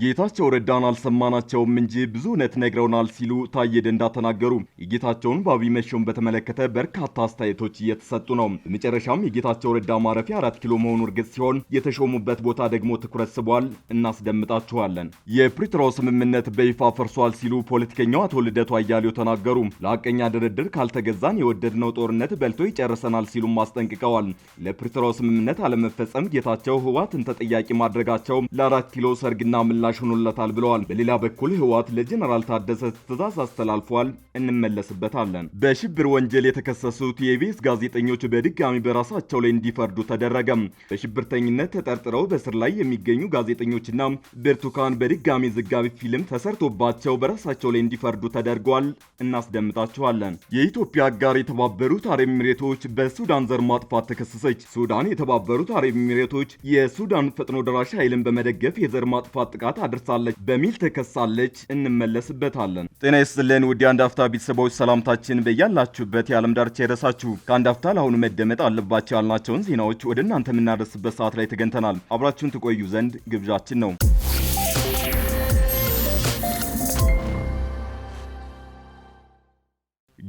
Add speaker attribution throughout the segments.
Speaker 1: ጌታቸው ረዳን አልሰማናቸውም እንጂ ብዙ እውነት ነግረውናል ሲሉ ታዬ ደንዳ ተናገሩ። የጌታቸውን በአብይ መሾም በተመለከተ በርካታ አስተያየቶች እየተሰጡ ነው። በመጨረሻም የጌታቸው ረዳ ማረፊያ አራት ኪሎ መሆኑ እርግጥ ሲሆን የተሾሙበት ቦታ ደግሞ ትኩረት ስቧል። እናስደምጣችኋለን። የፕሪቶሪያው ስምምነት በይፋ ፈርሷል ሲሉ ፖለቲከኛው አቶ ልደቱ አያሌው ተናገሩ። ለሀቀኛ ድርድር ካልተገዛን የወደድነው ጦርነት በልቶ ይጨርሰናል ሲሉም አስጠንቅቀዋል። ለፕሪቶሪያው ስምምነት አለመፈጸም ጌታቸው ህዋትን ተጠያቂ ማድረጋቸው ለአራት ኪሎ ሰርግና ምላ ምላሽ ሆኖለታል ብለዋል። በሌላ በኩል ህወሓት ለጀነራል ታደሰ ትዕዛዝ አስተላልፏል። እንመለስበታለን። በሽብር ወንጀል የተከሰሱት የኢቢኤስ ጋዜጠኞች በድጋሚ በራሳቸው ላይ እንዲፈርዱ ተደረገ። በሽብርተኝነት ተጠርጥረው በስር ላይ የሚገኙ ጋዜጠኞችና ብርቱካን በድጋሚ ዘጋቢ ፊልም ተሰርቶባቸው በራሳቸው ላይ እንዲፈርዱ ተደርጓል። እናስደምጣችኋለን። የኢትዮጵያ አጋር የተባበሩት አረብ ኤሚሬቶች በሱዳን ዘር ማጥፋት ተከሰሰች። ሱዳን የተባበሩት አረብ ኤሚሬቶች የሱዳን ፈጥኖ ደራሽ ኃይልን በመደገፍ የዘር ማጥፋት ጥቃት ጉዳት አድርሳለች በሚል ተከሳለች። እንመለስበታለን። ጤና ይስጥልን ውድ አንድ አፍታ ቤተሰቦች፣ ሰላምታችን በያላችሁበት የዓለም ዳርቻ የደረሳችሁ ከአንድ አፍታ ለአሁኑ መደመጥ አለባቸው ያልናቸውን ዜናዎች ወደ እናንተ የምናደርስበት ሰዓት ላይ ተገኝተናል። አብራችሁን ትቆዩ ዘንድ ግብዣችን ነው።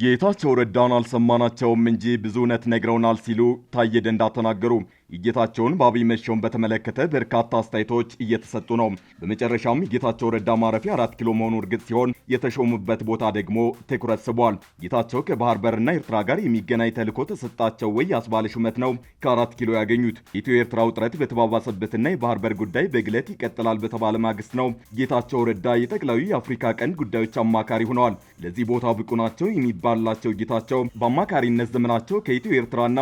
Speaker 1: ጌታቸው ረዳን አልሰማናቸውም እንጂ ብዙ እውነት ነግረውናል ሲሉ ታየ ደንዳ ተናገሩ። የጌታቸውን በአብይ መሾም በተመለከተ በርካታ አስተያየቶች እየተሰጡ ነው። በመጨረሻም የጌታቸው ረዳ ማረፊያ አራት ኪሎ መሆኑ እርግጥ ሲሆን የተሾሙበት ቦታ ደግሞ ትኩረት ስቧል። ጌታቸው ከባህር በርና ኤርትራ ጋር የሚገናኝ ተልኮ ተሰጣቸው ወይ ያስባለ ሹመት ነው ከአራት ኪሎ ያገኙት። ኢትዮ ኤርትራ ውጥረት በተባባሰበትና የባህር በር ጉዳይ በግለት ይቀጥላል በተባለ ማግስት ነው ጌታቸው ረዳ የጠቅላዩ የአፍሪካ ቀንድ ጉዳዮች አማካሪ ሆነዋል። ለዚህ ቦታ ብቁ ናቸው የሚባላቸው ጌታቸው በአማካሪነት ዘመናቸው ከኢትዮ ኤርትራና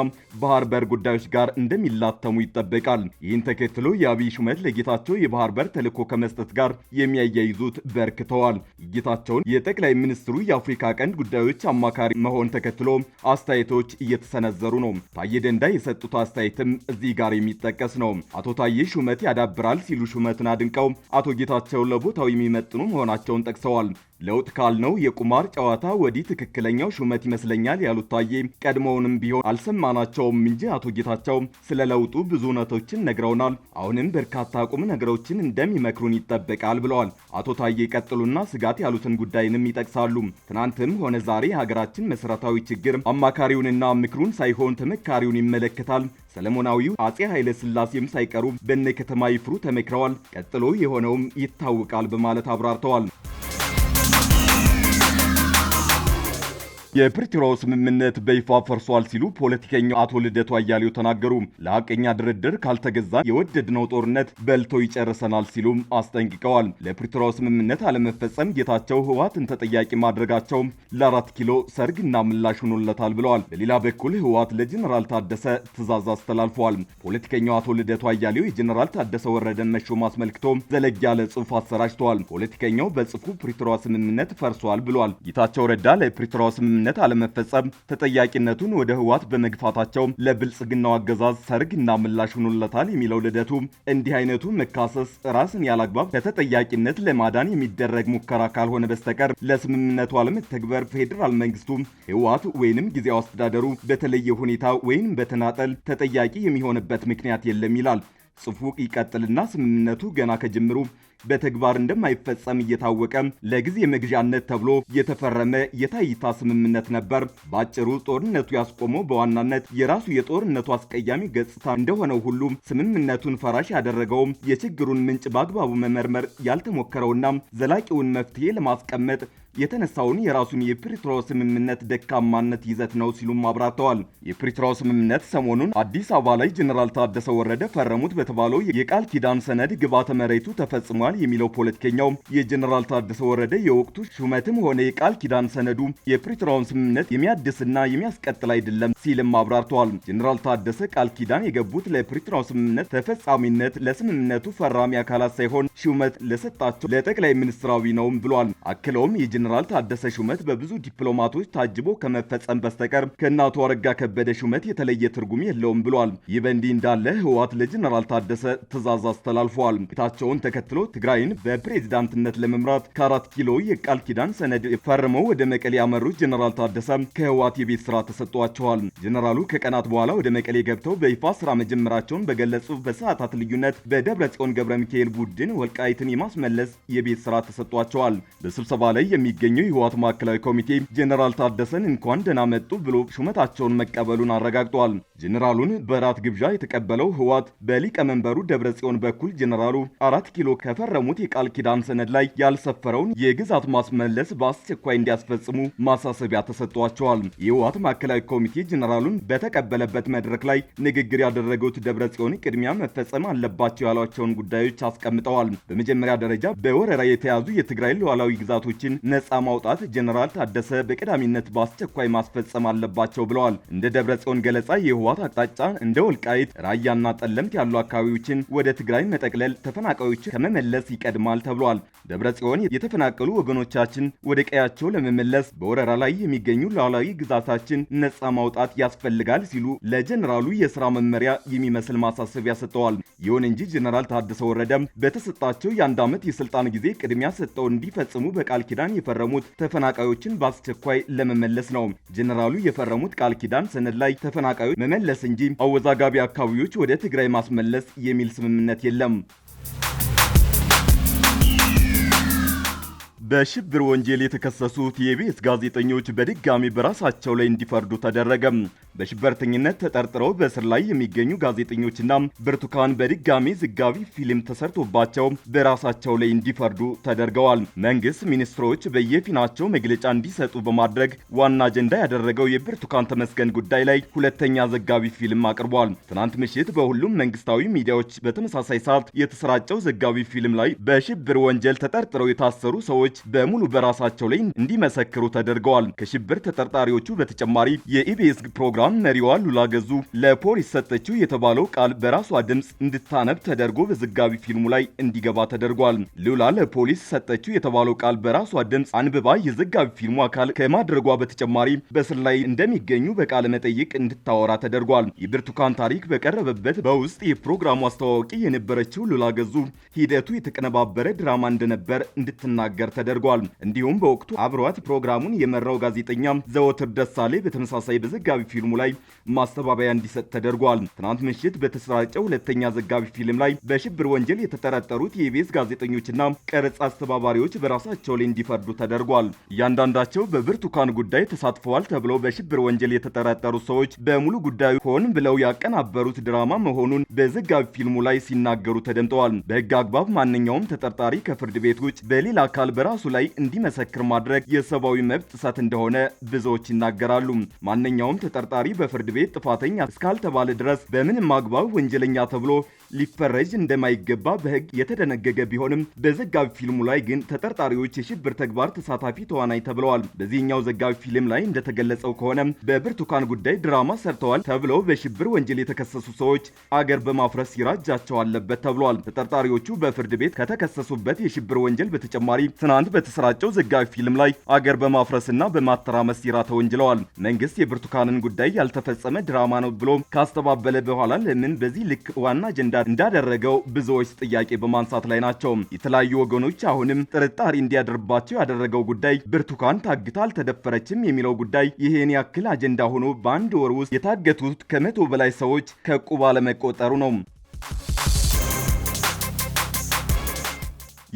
Speaker 1: ባህር በር ጉዳዮች ጋር እንደሚ እንዲላተሙ ይጠበቃል። ይህን ተከትሎ የአብይ ሹመት ለጌታቸው የባህር በር ተልዕኮ ከመስጠት ጋር የሚያያይዙት በርክተዋል። ጌታቸውን የጠቅላይ ሚኒስትሩ የአፍሪካ ቀንድ ጉዳዮች አማካሪ መሆን ተከትሎ አስተያየቶች እየተሰነዘሩ ነው። ታዬ ደንዳ የሰጡት አስተያየትም እዚህ ጋር የሚጠቀስ ነው። አቶ ታዬ ሹመት ያዳብራል ሲሉ ሹመትን አድንቀው አቶ ጌታቸው ለቦታው የሚመጥኑ መሆናቸውን ጠቅሰዋል። ለውጥ ካልነው የቁማር ጨዋታ ወዲህ ትክክለኛው ሹመት ይመስለኛል ያሉት ታዬ ቀድሞውንም ቢሆን አልሰማናቸውም እንጂ አቶ ጌታቸው ስለ ለውጡ ብዙ እውነቶችን ነግረውናል። አሁንም በርካታ ቁም ነገሮችን እንደሚመክሩን ይጠበቃል ብለዋል። አቶ ታዬ ቀጥሉና ስጋት ያሉትን ጉዳይንም ይጠቅሳሉ። ትናንትም ሆነ ዛሬ ሀገራችን መሰረታዊ ችግር አማካሪውንና ምክሩን ሳይሆን ተመካሪውን ይመለከታል። ሰለሞናዊው አጼ ኃይለ ስላሴም ሳይቀሩ በነ ከተማ ይፍሩ ተመክረዋል። ቀጥሎ የሆነውም ይታወቃል በማለት አብራርተዋል። የፕሪቶሪያው ስምምነት በይፋ ፈርሷል ሲሉ ፖለቲከኛው አቶ ልደቱ አያሌው ተናገሩ። ለሀቀኛ ድርድር ካልተገዛ የወደድነው ጦርነት በልቶ ይጨርሰናል ሲሉም አስጠንቅቀዋል። ለፕሪቶሪያው ስምምነት አለመፈጸም ጌታቸው ህወሓትን ተጠያቂ ማድረጋቸው ለአራት ኪሎ ሰርግና ምላሽ ሆኖለታል ብለዋል። በሌላ በኩል ህወሓት ለጀኔራል ታደሰ ትዕዛዝ አስተላልፈዋል። ፖለቲከኛው አቶ ልደቱ አያሌው የጀኔራል ታደሰ ወረደን መሾም አስመልክቶ ዘለግ ያለ ጽሑፍ አሰራጭተዋል። ፖለቲከኛው በጽሑፉ ፕሪቶሪያ ስምምነት ፈርሷል ብለዋል። ጌታቸው ረዳ ለፕሪቶሪያ ስምምነት አለመፈጸም ተጠያቂነቱን ወደ ህወሓት በመግፋታቸው ለብልጽግናው አገዛዝ ሰርግና ምላሽ ሆኖለታል የሚለው ልደቱ እንዲህ አይነቱ መካሰስ ራስን ያላግባብ ከተጠያቂነት ለማዳን የሚደረግ ሙከራ ካልሆነ በስተቀር ለስምምነቱ አለመተግበር ፌዴራል መንግስቱ ህወሓት ወይንም ጊዜያዊ አስተዳደሩ በተለየ ሁኔታ ወይም በተናጠል ተጠያቂ የሚሆንበት ምክንያት የለም ይላል ጽሑፉ። ይቀጥልና ስምምነቱ ገና ከጅምሩ በተግባር እንደማይፈጸም እየታወቀ ለጊዜ መግዣነት ተብሎ የተፈረመ የታይታ ስምምነት ነበር። በአጭሩ ጦርነቱ ያስቆመው በዋናነት የራሱ የጦርነቱ አስቀያሚ ገጽታ እንደሆነው ሁሉ ስምምነቱን ፈራሽ ያደረገውም የችግሩን ምንጭ በአግባቡ መመርመር ያልተሞከረውና ዘላቂውን መፍትሄ ለማስቀመጥ የተነሳውን የራሱን የፕሪትሮስ ስምምነት ደካማነት ይዘት ነው ሲሉም አብራርተዋል። የፕሪቶሪያው ስምምነት ሰሞኑን አዲስ አበባ ላይ ጀኔራል ታደሰ ወረደ ፈረሙት በተባለው የቃል ኪዳን ሰነድ ግብዓተ መሬቱ ተፈጽሟል ይሆናል የሚለው ፖለቲከኛው የጀኔራል ታደሰ ወረደ የወቅቱ ሹመትም ሆነ የቃል ኪዳን ሰነዱ የፕሪቶሪያውን ስምምነት የሚያድስና የሚያስቀጥል አይደለም ሲልም አብራርተዋል። ጀኔራል ታደሰ ቃል ኪዳን የገቡት ለፕሪቶሪያው ስምምነት ተፈጻሚነት ለስምምነቱ ፈራሚ አካላት ሳይሆን ሹመት ለሰጣቸው ለጠቅላይ ሚኒስትራዊ ነውም ብሏል። አክለውም የጀኔራል ታደሰ ሹመት በብዙ ዲፕሎማቶች ታጅቦ ከመፈጸም በስተቀር ከእናቱ አረጋ ከበደ ሹመት የተለየ ትርጉም የለውም ብሏል። ይህ በእንዲህ እንዳለ ህወሓት ለጀኔራል ታደሰ ትዕዛዝ አስተላልፏል። ቤታቸውን ተከትሎ ትግራይን በፕሬዝዳንትነት ለመምራት ከአራት ኪሎ የቃል ኪዳን ሰነድ ፈርመው ወደ መቀሌ ያመሩት ጀነራል ታደሰ ከህወሓት የቤት ስራ ተሰጥቷቸዋል። ጀነራሉ ከቀናት በኋላ ወደ መቀሌ ገብተው በይፋ ስራ መጀመራቸውን በገለጹ በሰዓታት ልዩነት በደብረ ጽዮን ገብረ ሚካኤል ቡድን ወልቃይትን የማስመለስ የቤት ስራ ተሰጥቷቸዋል። በስብሰባ ላይ የሚገኘው የህወሓት ማዕከላዊ ኮሚቴ ጀነራል ታደሰን እንኳን ደህና መጡ ብሎ ሹመታቸውን መቀበሉን አረጋግጧል። ጀነራሉን በራት ግብዣ የተቀበለው ህወሓት በሊቀመንበሩ ደብረጽዮን በኩል ጀኔራሉ አራት ኪሎ ከፈረሙት የቃል ኪዳን ሰነድ ላይ ያልሰፈረውን የግዛት ማስመለስ በአስቸኳይ እንዲያስፈጽሙ ማሳሰቢያ ተሰጥቷቸዋል። የህወሓት ማዕከላዊ ኮሚቴ ጀኔራሉን በተቀበለበት መድረክ ላይ ንግግር ያደረጉት ደብረጽዮን ቅድሚያ መፈጸም አለባቸው ያሏቸውን ጉዳዮች አስቀምጠዋል። በመጀመሪያ ደረጃ በወረራ የተያዙ የትግራይ ሉዓላዊ ግዛቶችን ነጻ ማውጣት ጄኔራል ታደሰ በቀዳሚነት በአስቸኳይ ማስፈጸም አለባቸው ብለዋል። እንደ ደብረጽዮን ገለጻ በህወሓት አቅጣጫ እንደ ወልቃይት፣ ራያና ጠለምት ያሉ አካባቢዎችን ወደ ትግራይ መጠቅለል ተፈናቃዮችን ከመመለስ ይቀድማል ተብሏል። ደብረ ጽዮን የተፈናቀሉ ወገኖቻችን ወደ ቀያቸው ለመመለስ በወረራ ላይ የሚገኙ ሉዓላዊ ግዛታችን ነጻ ማውጣት ያስፈልጋል ሲሉ ለጀኔራሉ የስራ መመሪያ የሚመስል ማሳሰቢያ ሰጥተዋል። ይሁን እንጂ ጀኔራል ታደሰ ወረደም በተሰጣቸው የአንድ ዓመት የስልጣን ጊዜ ቅድሚያ ሰጥተው እንዲፈጽሙ በቃል ኪዳን የፈረሙት ተፈናቃዮችን በአስቸኳይ ለመመለስ ነው። ጀኔራሉ የፈረሙት ቃል ኪዳን ሰነድ ላይ ተፈናቃዮች መመለስ እንጂ አወዛጋቢ አካባቢዎች ወደ ትግራይ ማስመለስ የሚል ስምምነት የለም። በሽብር ወንጀል የተከሰሱት የቤት ጋዜጠኞች በድጋሚ በራሳቸው ላይ እንዲፈርዱ ተደረገ። በሽበርተኝነት ተጠርጥረው በእስር ላይ የሚገኙ ጋዜጠኞችና ብርቱካን በድጋሚ ዘጋቢ ፊልም ተሰርቶባቸው በራሳቸው ላይ እንዲፈርዱ ተደርገዋል። መንግስት ሚኒስትሮች በየፊናቸው መግለጫ እንዲሰጡ በማድረግ ዋና አጀንዳ ያደረገው የብርቱካን ተመስገን ጉዳይ ላይ ሁለተኛ ዘጋቢ ፊልም አቅርቧል። ትናንት ምሽት በሁሉም መንግስታዊ ሚዲያዎች በተመሳሳይ ሰዓት የተሰራጨው ዘጋቢ ፊልም ላይ በሽብር ወንጀል ተጠርጥረው የታሰሩ ሰዎች ተጠርጣሪዎች በሙሉ በራሳቸው ላይ እንዲመሰክሩ ተደርገዋል። ከሽብር ተጠርጣሪዎቹ በተጨማሪ የኢቢኤስ ፕሮግራም መሪዋ ሉላ ገዙ ለፖሊስ ሰጠችው የተባለው ቃል በራሷ ድምፅ እንድታነብ ተደርጎ በዘጋቢ ፊልሙ ላይ እንዲገባ ተደርጓል። ሉላ ለፖሊስ ሰጠችው የተባለው ቃል በራሷ ድምፅ አንብባ የዘጋቢ ፊልሙ አካል ከማድረጓ በተጨማሪ በስር ላይ እንደሚገኙ በቃለ መጠይቅ እንድታወራ ተደርጓል። የብርቱካን ታሪክ በቀረበበት በውስጥ የፕሮግራሙ አስተዋዋቂ የነበረችው ሉላ ገዙ ሂደቱ የተቀነባበረ ድራማ እንደነበር እንድትናገር ተደርጓል። ተደርጓል። እንዲሁም በወቅቱ አብሯት ፕሮግራሙን የመራው ጋዜጠኛ ዘወትር ደሳሌ በተመሳሳይ በዘጋቢ ፊልሙ ላይ ማስተባበያ እንዲሰጥ ተደርጓል። ትናንት ምሽት በተሰራጨው ሁለተኛ ዘጋቢ ፊልም ላይ በሽብር ወንጀል የተጠረጠሩት የኢቢኤስ ጋዜጠኞችና ቀረጻ አስተባባሪዎች በራሳቸው ላይ እንዲፈርዱ ተደርጓል። እያንዳንዳቸው በብርቱካን ጉዳይ ተሳትፈዋል ተብለው በሽብር ወንጀል የተጠረጠሩ ሰዎች በሙሉ ጉዳዩ ሆን ብለው ያቀናበሩት ድራማ መሆኑን በዘጋቢ ፊልሙ ላይ ሲናገሩ ተደምጠዋል። በህግ አግባብ ማንኛውም ተጠርጣሪ ከፍርድ ቤት ውጭ በሌላ አካል በራ በራሱ ላይ እንዲመሰክር ማድረግ የሰብአዊ መብት ጥሰት እንደሆነ ብዙዎች ይናገራሉ። ማንኛውም ተጠርጣሪ በፍርድ ቤት ጥፋተኛ እስካልተባለ ድረስ በምንም አግባብ ወንጀለኛ ተብሎ ሊፈረጅ እንደማይገባ በሕግ የተደነገገ ቢሆንም በዘጋቢ ፊልሙ ላይ ግን ተጠርጣሪዎች የሽብር ተግባር ተሳታፊ ተዋናይ ተብለዋል። በዚህኛው ዘጋቢ ፊልም ላይ እንደተገለጸው ከሆነ በብርቱካን ጉዳይ ድራማ ሰርተዋል ተብለው በሽብር ወንጀል የተከሰሱ ሰዎች አገር በማፍረስ ይራጃቸው አለበት ተብሏል። ተጠርጣሪዎቹ በፍርድ ቤት ከተከሰሱበት የሽብር ወንጀል በተጨማሪ ትናንት ትናንት በተሰራጨው ዘጋቢ ፊልም ላይ አገር በማፍረስና በማተራመስ ሴራ ተወንጅለዋል። መንግስት የብርቱካንን ጉዳይ ያልተፈጸመ ድራማ ነው ብሎ ካስተባበለ በኋላ ለምን በዚህ ልክ ዋና አጀንዳ እንዳደረገው ብዙዎች ጥያቄ በማንሳት ላይ ናቸው። የተለያዩ ወገኖች አሁንም ጥርጣሬ እንዲያደርባቸው ያደረገው ጉዳይ ብርቱካን ታግታ አልተደፈረችም የሚለው ጉዳይ ይህን ያክል አጀንዳ ሆኖ በአንድ ወር ውስጥ የታገቱት ከመቶ በላይ ሰዎች ከቁባ ለመቆጠሩ ነው።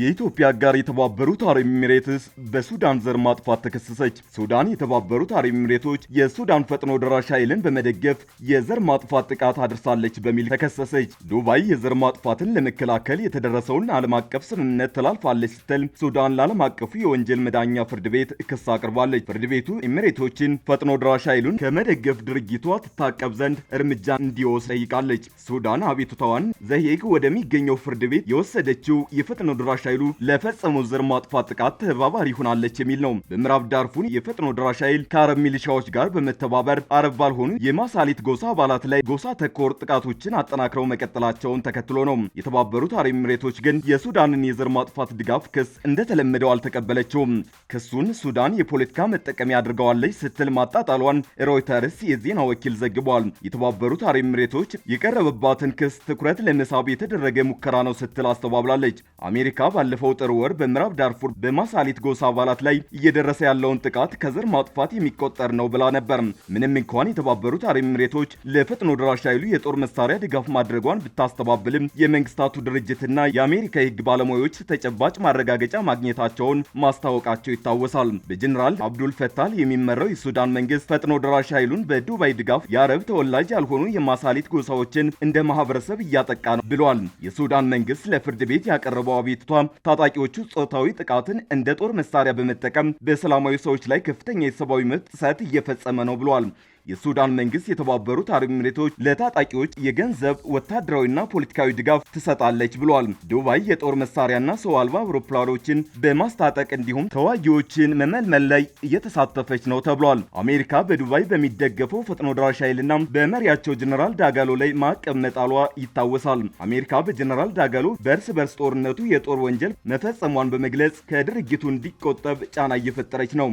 Speaker 1: የኢትዮጵያ አጋር የተባበሩት አረብ ኤሚሬትስ በሱዳን ዘር ማጥፋት ተከሰሰች። ሱዳን የተባበሩት አረብ ኤሚሬቶች የሱዳን ፈጥኖ ደራሽ ኃይልን በመደገፍ የዘር ማጥፋት ጥቃት አድርሳለች በሚል ተከሰሰች። ዱባይ የዘር ማጥፋትን ለመከላከል የተደረሰውን ዓለም አቀፍ ስምምነት ተላልፋለች ስትል ሱዳን ለዓለም አቀፉ የወንጀል መዳኛ ፍርድ ቤት ክስ አቅርባለች። ፍርድ ቤቱ ኤሚሬቶችን ፈጥኖ ደራሽ ኃይሉን ከመደገፍ ድርጊቷ ትታቀብ ዘንድ እርምጃ እንዲወስድ ጠይቃለች። ሱዳን አቤቱታዋን ዘሄግ ወደሚገኘው ፍርድ ቤት የወሰደችው የፈጥኖ ደራሽ ኃይሉ ለፈጸመው ዘር ማጥፋት ጥቃት ተባባሪ ሆናለች የሚል ነው። በምዕራብ ዳርፉን የፈጥኖ ድራሽ ኃይል ከአረብ ሚሊሻዎች ጋር በመተባበር አረብ ባልሆኑ የማሳሊት ጎሳ አባላት ላይ ጎሳ ተኮር ጥቃቶችን አጠናክረው መቀጠላቸውን ተከትሎ ነው። የተባበሩት አረብ ኤምሬቶች ግን የሱዳንን የዘር ማጥፋት ድጋፍ ክስ እንደተለመደው አልተቀበለችውም። ክሱን ሱዳን የፖለቲካ መጠቀሚያ አድርገዋለች ስትል ማጣጣሏን ሮይተርስ የዜና ወኪል ዘግቧል። የተባበሩት አረብ ኤምሬቶች የቀረበባትን ክስ ትኩረት ለመሳብ የተደረገ ሙከራ ነው ስትል አስተባብላለች። አሜሪካ ባለፈው ጥር ወር በምዕራብ ዳርፉር በማሳሊት ጎሳ አባላት ላይ እየደረሰ ያለውን ጥቃት ከዘር ማጥፋት የሚቆጠር ነው ብላ ነበር። ምንም እንኳን የተባበሩት አረብ ኤምሬቶች ለፈጥኖ ደራሽ ኃይሉ የጦር መሳሪያ ድጋፍ ማድረጓን ብታስተባብልም የመንግስታቱ ድርጅትና የአሜሪካ የህግ ባለሙያዎች ተጨባጭ ማረጋገጫ ማግኘታቸውን ማስታወቃቸው ይታወሳል። በጀኔራል አብዱል ፈታል የሚመራው የሱዳን መንግስት ፈጥኖ ደራሽ ኃይሉን በዱባይ ድጋፍ የአረብ ተወላጅ ያልሆኑ የማሳሊት ጎሳዎችን እንደ ማህበረሰብ እያጠቃ ነው ብሏል። የሱዳን መንግስት ለፍርድ ቤት ያቀረበው አቤቱታ ታጣቂዎቹ ጾታዊ ጥቃትን እንደ ጦር መሳሪያ በመጠቀም በሰላማዊ ሰዎች ላይ ከፍተኛ የሰብአዊ መብት ጥሰት እየፈጸመ ነው ብሏል። የሱዳን መንግስት የተባበሩት አረብ ኤሚሬቶች ለታጣቂዎች የገንዘብ ወታደራዊና ፖለቲካዊ ድጋፍ ትሰጣለች ብሏል። ዱባይ የጦር መሳሪያና ሰው አልባ አውሮፕላኖችን በማስታጠቅ እንዲሁም ተዋጊዎችን መመልመል ላይ እየተሳተፈች ነው ተብሏል። አሜሪካ በዱባይ በሚደገፈው ፈጥኖ ደራሽ ኃይልና በመሪያቸው ጀነራል ዳጋሎ ላይ ማዕቀብ መጣሏ ይታወሳል። አሜሪካ በጀነራል ዳጋሎ በእርስ በርስ ጦርነቱ የጦር ወንጀል መፈጸሟን በመግለጽ ከድርጊቱ እንዲቆጠብ ጫና እየፈጠረች ነው።